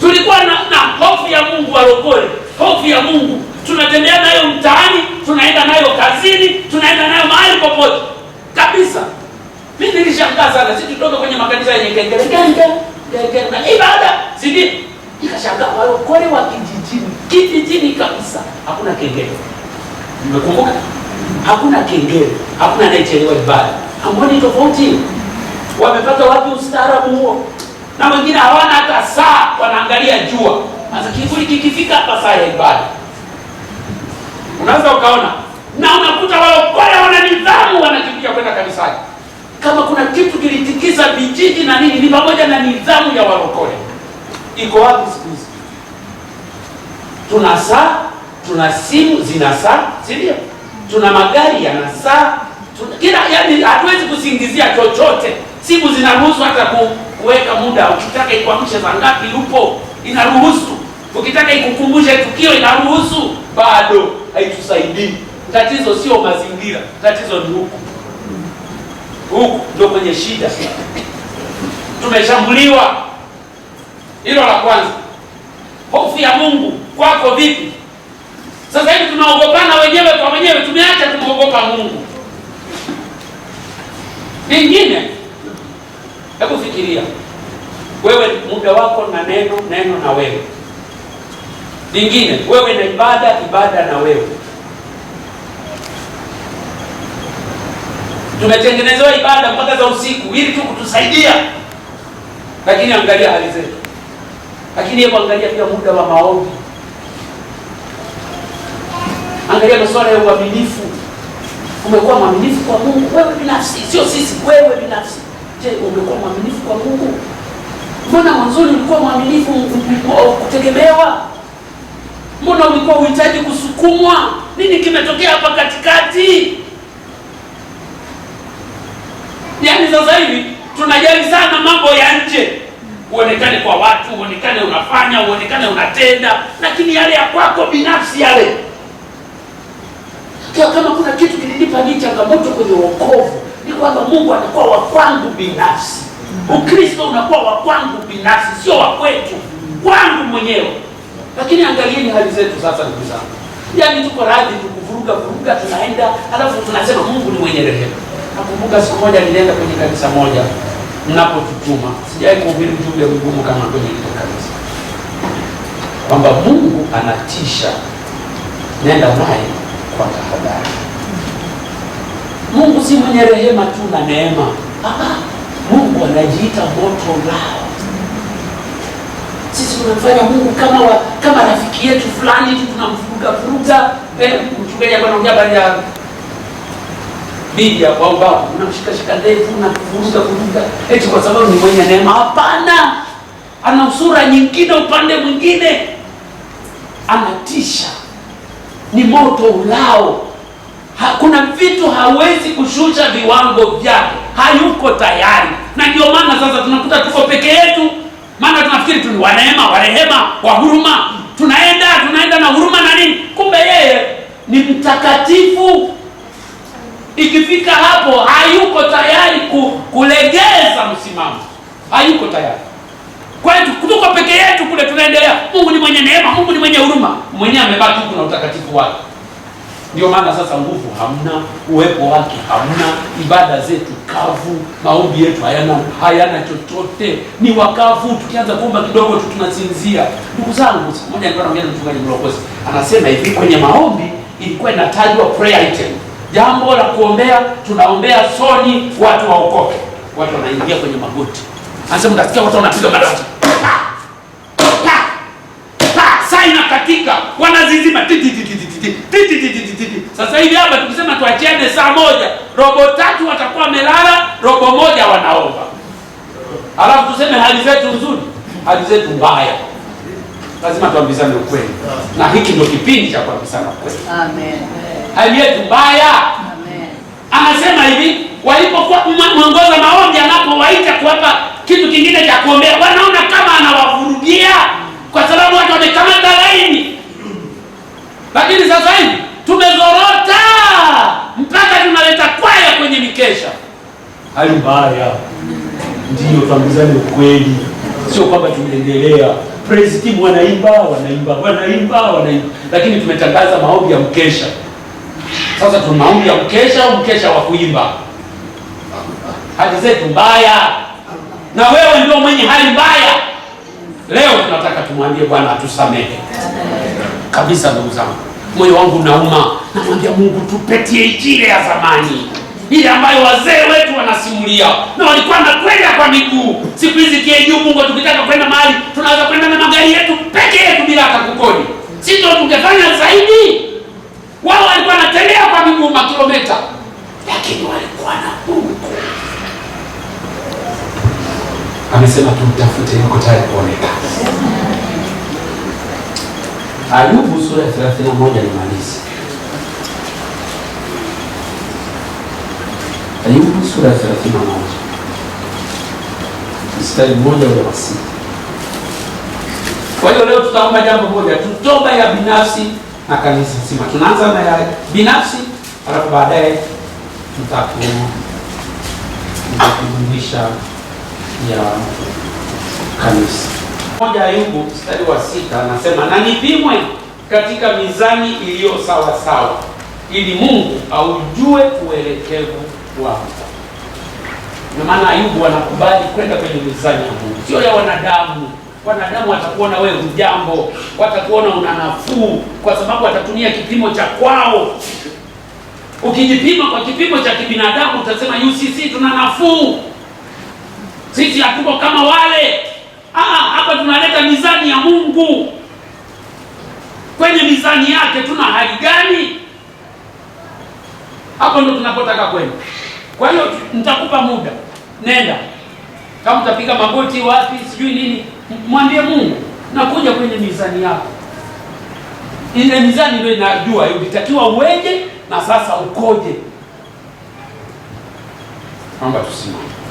Tulikuwa na, na hofu ya Mungu walokole, hofu ya Mungu tunatembea nayo mtaani, tunaenda nayo kazini, tunaenda nayo mahali popote kabisa. Mimi nilishangaa sana, si tutoke kwenye makanisa yenye kengele kengele na ibada, si ndio? Nikashangaa walokole wa kijijini, kijijini kabisa, hakuna kengele. Nimekumbuka hakuna kengele, hakuna anayechelewa ibada. Ambao tofauti, wamepata wapi ustaarabu huo? na wengine hawana hata saa, wanaangalia jua. Sasa kivuli kikifika hapa, saa ya ibada, unaweza ukaona, na unakuta walokole wana nidhamu, wanakimbia kwenda kanisani. Kama kuna kitu kilitikiza vijiji na nini, ni pamoja na nidhamu ya walokole. Iko wapi siku hizi? Tuna saa, tuna simu zina saa, si ndio? Tuna magari yana saa, tuna kila, yani hatuwezi kusingizia chochote. Simu zinaruhusu hata ku kuweka muda, ukitaka ikuamshe saa ngapi upo, inaruhusu. Ukitaka ikukumbushe tukio, inaruhusu. Bado haitusaidii. Tatizo sio mazingira, tatizo ni huku huku, ndio kwenye shida. Tumeshambuliwa, hilo la kwanza. Hofu ya Mungu kwako vipi? Sasa hivi tunaogopana wenyewe kwa wenyewe, tumeacha kumwogopa Mungu. Vingine, hebu fikiria wewe muda wako na neno, neno na wewe. Lingine wewe na ibada, ibada na wewe. Tumetengenezewa ibada mpaka za usiku ili tu kutusaidia, lakini angalia hali zetu, lakini hebu angalia pia muda wa maombi, angalia masuala ya uaminifu. Umekuwa mwaminifu kwa Mungu wewe binafsi, sio sisi, wewe binafsi. Je, umekuwa mwaminifu kwa Mungu? Mbona mwanzoni ulikuwa mwaminifu oh, kutegemewa? Mbona ulikuwa uhitaji kusukumwa? Nini kimetokea hapa katikati? Yaani sasa hivi tunajali sana mambo ya nje, uonekane kwa watu, uonekane unafanya, uonekane unatenda, lakini yale ya kwako binafsi yale. Kwa kama kuna kitu kilinipa ni changamoto kwenye wokovu ni kwamba Mungu anakuwa wa kwangu binafsi Ukristo unakuwa wa kwangu binafsi, sio wa kwetu, kwangu mwenyewe. Lakini angalieni hali zetu sasa, ndugu zangu, yaani tuko radhi tukuvuruga vuruga, tunaenda alafu tunasema Mungu ni mwenye rehema. Nakumbuka siku moja nilienda kwenye kanisa moja mnapotutuma, sijawahi kuhubiri ujumbe mgumu kama kwenye ile kanisa, kwamba Mungu anatisha, nenda naye kwa tahadhari. Mungu si mwenye rehema tu na neema. Mungu anajiita moto lao. Sisi tunamfanya Mungu kama wa, kama rafiki yetu fulani tunamvuruga vuruga. Eh, mchungaji ambaye anaongea baada ya kwa au unamshika shika ndevu na kuvuruga vuruga eti kwa sababu ni mwenye neema. Hapana, ana sura nyingine, upande mwingine anatisha, ni moto ulao. Hakuna vitu hawezi kushusha viwango vyake, hayuko tayari na ndio maana sasa tunakuta tuko peke yetu, maana tunafikiri tu waneema warehema wa huruma, tunaenda tunaenda na huruma na nini, kumbe yeye ni mtakatifu. Ikifika hapo hayuko tayari ku, kulegeza msimamo, hayuko tayari. Kwa hiyo tuko peke yetu kule, tunaendelea. Mungu ni mwenye neema, Mungu ni mwenye huruma, mwenyewe amebaki huku na utakatifu wake. Ndio maana sasa nguvu hamna, uwepo wake hamna, ibada zetu kavu, maombi yetu hayana hayana chochote, ni wakavu. Tukianza kuomba kidogo tu tunasinzia. Ndugu zangu, siku moja nilikuwa naongea na mchungaji Mlokozi, anasema hivi, kwenye maombi ilikuwa inatajwa prayer item, jambo la kuombea, tunaombea soni watu waokoke, watu wanaingia kwenye magoti, anasema mtasikia watu wanapiga magoti kazi nzima sasa hivi hapa tukisema tuachiane saa moja, robo tatu watakuwa wamelala, robo moja wanaomba. Alafu tuseme hali zetu nzuri, hali zetu mbaya. Lazima tuambizane ukweli, na hiki ndio kipindi cha kuambizana ukweli. Amen. Hali yetu mbaya. Amen. Anasema hivi, walipokuwa mwongoza maombi anapowaita kuwapa kitu kingine cha kuombea, wanaona kama anawavurugia hali mbaya. Ndiyo, tuambizane ukweli, sio kwamba tumeendelea. Praise team wanaimba wanaimba wanaimba wanaimba, lakini tumetangaza maombi ya mkesha. Sasa tuna maombi ya mkesha au mkesha wa kuimba? Hali zetu mbaya, na wewe ndio mwenye hali mbaya. Leo tunataka tumwambie Bwana atusamehe kabisa. Ndugu zangu, moyo wangu unauma, namwambia Mungu, tupetie ile ya zamani ile ambayo wazee wetu wanasimulia na walikuwa wanakwenda kwa miguu. Siku hizi Mungu, tukitaka kwenda mahali tunaweza kwenda na magari yetu peke yetu bila hata kukodi. Si ndio tungefanya zaidi? Wao walikuwa wanatembea kwa miguu makilometa, lakini walikuwa na Mungu. Amesema tumtafute, yuko tayari kuonekana. Ayubu sura ya 31 nimalize. Mwalimu sura ya 31 mstari mmoja wa sita. Kwa hiyo leo tutaomba jambo moja tu, toba ya binafsi na kanisa zima. Tunaanza na ya binafsi, halafu baadaye tutakufundisha ya kanisa. Moja Ayubu mstari wa sita anasema, na nipimwe katika mizani iliyo sawa sawa, ili Mungu aujue uelekevu wao. Ndio maana Ayubu wanakubali kwenda kwenye mizani ya Mungu, sio ya wanadamu. Wanadamu watakuona wewe ujambo watakuona una nafuu, kwa sababu watatumia kipimo cha kwao. Ukijipima kwa kipimo cha kibinadamu utasema UCC tuna nafuu, sisi hatuko kama wale. Hapa tunaleta mizani ya Mungu. Kwenye mizani yake tuna hali gani? Hapo ndo tunapotaka kwenda. Kwa hiyo nitakupa muda, nenda kama utapiga magoti wapi sijui nini, mwambie Mungu nakuja kwenye mizani yako. Ile mizani ndio inajua ulitakiwa uweje na sasa ukoje. Naomba tusimame.